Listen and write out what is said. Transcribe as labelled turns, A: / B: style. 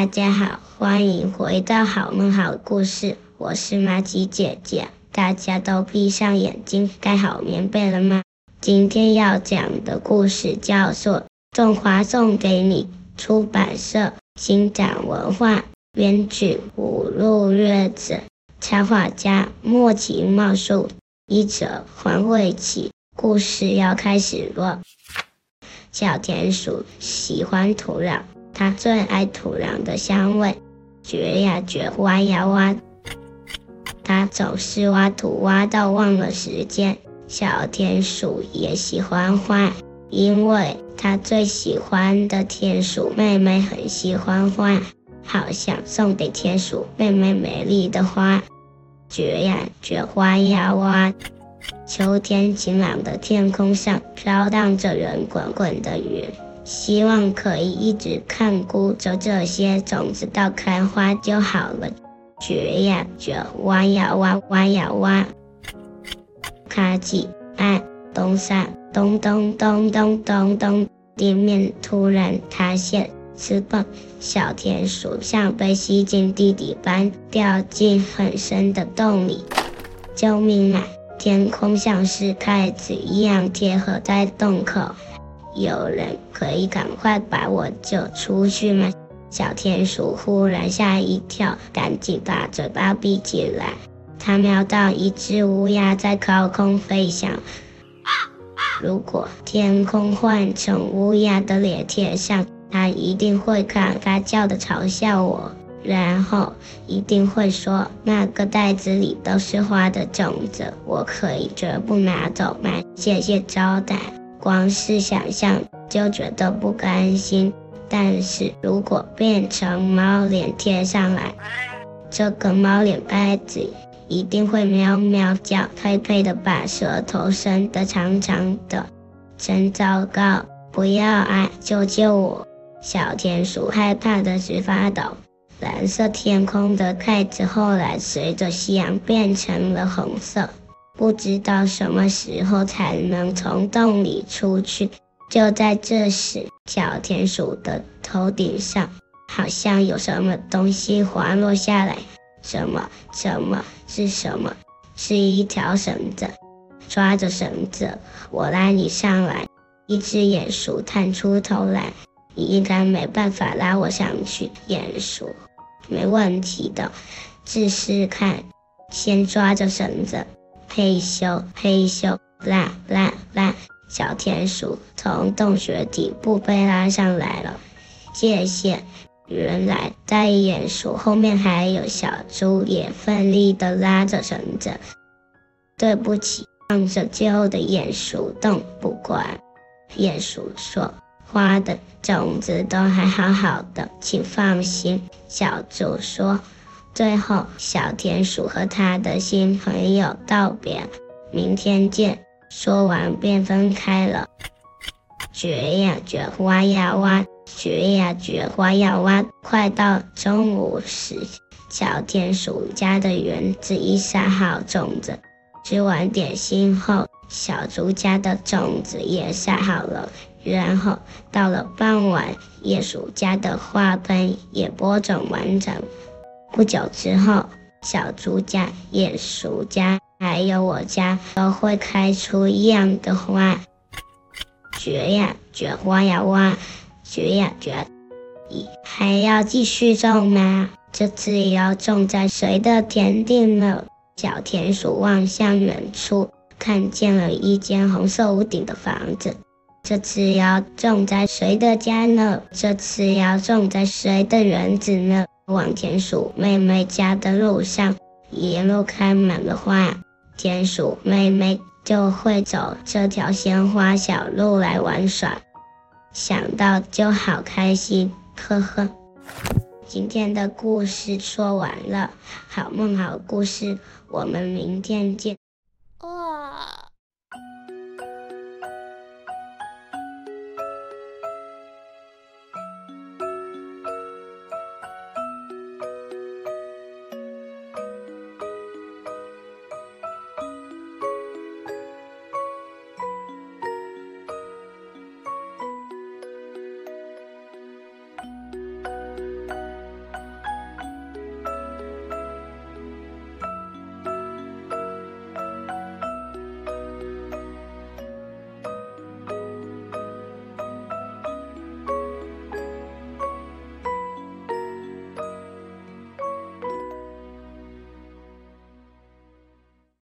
A: 大家好，歡迎回到好夢好故事，我是瑪吉姐姐。大家都閉上眼睛，蓋好棉被了嗎？今天要講的故事叫做《種花送給你》，出版社：薪展文化，編劇：武鹿悅子，插畫家：末崎茂樹，譯者：黃惠綺。故事要開始嘍。小田鼠喜歡土壤。他最愛土壤的香味，掘呀掘，挖呀挖。他總是挖土挖到忘了時間。小田鼠也喜歡花，因為他最喜歡的田鼠妹妹很喜歡花，好想送給田鼠妹妹美麗的花。掘呀掘，挖呀挖。秋天晴朗的天空上飄蕩着圓滾滾的雲。希望可以一直看顧着這些種子到開花就好了。掘呀掘，挖呀挖，挖呀挖。咔嘰！按東山，咚咚咚，咚咚咚咚咚咚！地面突然塌陷，水蹦，小田鼠像被吸進地底般掉進很深的洞裡。救命啊！天空像是蓋子一樣貼合在洞口。有人可以趕快把我救出去嗎？小田鼠忽然嚇一跳，趕緊把嘴巴閉起來。它瞄到一隻烏鴉在高空飛翔。啊啊，如果天空換成烏鴉的臉貼上，它一定會嘎嘎叫的嘲笑我，然後一定會說：“那個袋子裡都是花的種子，我可以全部拿走嗎？謝謝招待。”光是想象就覺得不甘心，但是如果變成貓臉貼上來，這個貓臉蓋子一定會喵喵叫，呸呸地把舌頭伸得長長的，真糟糕！不要啊，救救我！小田鼠害怕的直發抖。藍色天空的蓋子後來隨着夕陽變成了紅色。不知道什麼時候才能從洞裡出去。就在這時，小田鼠的頭頂上好像有什麼東西滑落下來。什麼？什麼？是什麼？是一條繩子。抓着繩子，我拉你上來。一隻鼴鼠探出頭來，你應該沒辦法拉我上去。鼴鼠，沒問題的，試試看。先抓着繩子。嘿咻嘿咻啦啦啦，小田鼠從洞穴底部被拉上來了，謝謝。原來在鼴鼠後面還有小豬，也奮力的拉着繩子。對不起，放着舊的鼴鼠洞不管。鼴鼠說：“花的種子都還好好的，請放心。”小豬說。最後，小田鼠和他的新朋友道別：“明天見。”說完便分開了。掘呀掘，挖呀挖，掘呀掘，挖呀挖。快到中午時，小田鼠家的園子已撒好種子。吃完點心後，小豬家的種子也撒好了。然後到了傍晚，鼴鼠家的花盆也播種完成。不久之後，小豬家、鼴鼠家，還有我家，都會開出一樣的花。掘呀掘，花呀花，掘呀掘！咦，還要繼續種嗎？這次也要種在誰的田地呢？小田鼠望向遠處，看見了一間紅色屋頂的房子。這次要種在誰的家呢？這次要種在誰的園子呢？往田鼠妹妹家的路上，一路開滿了花，田鼠妹妹就會走這條鮮花小路來玩耍，想到就好開心，呵呵。今天的故事說完了，好夢好故事，我們明天見。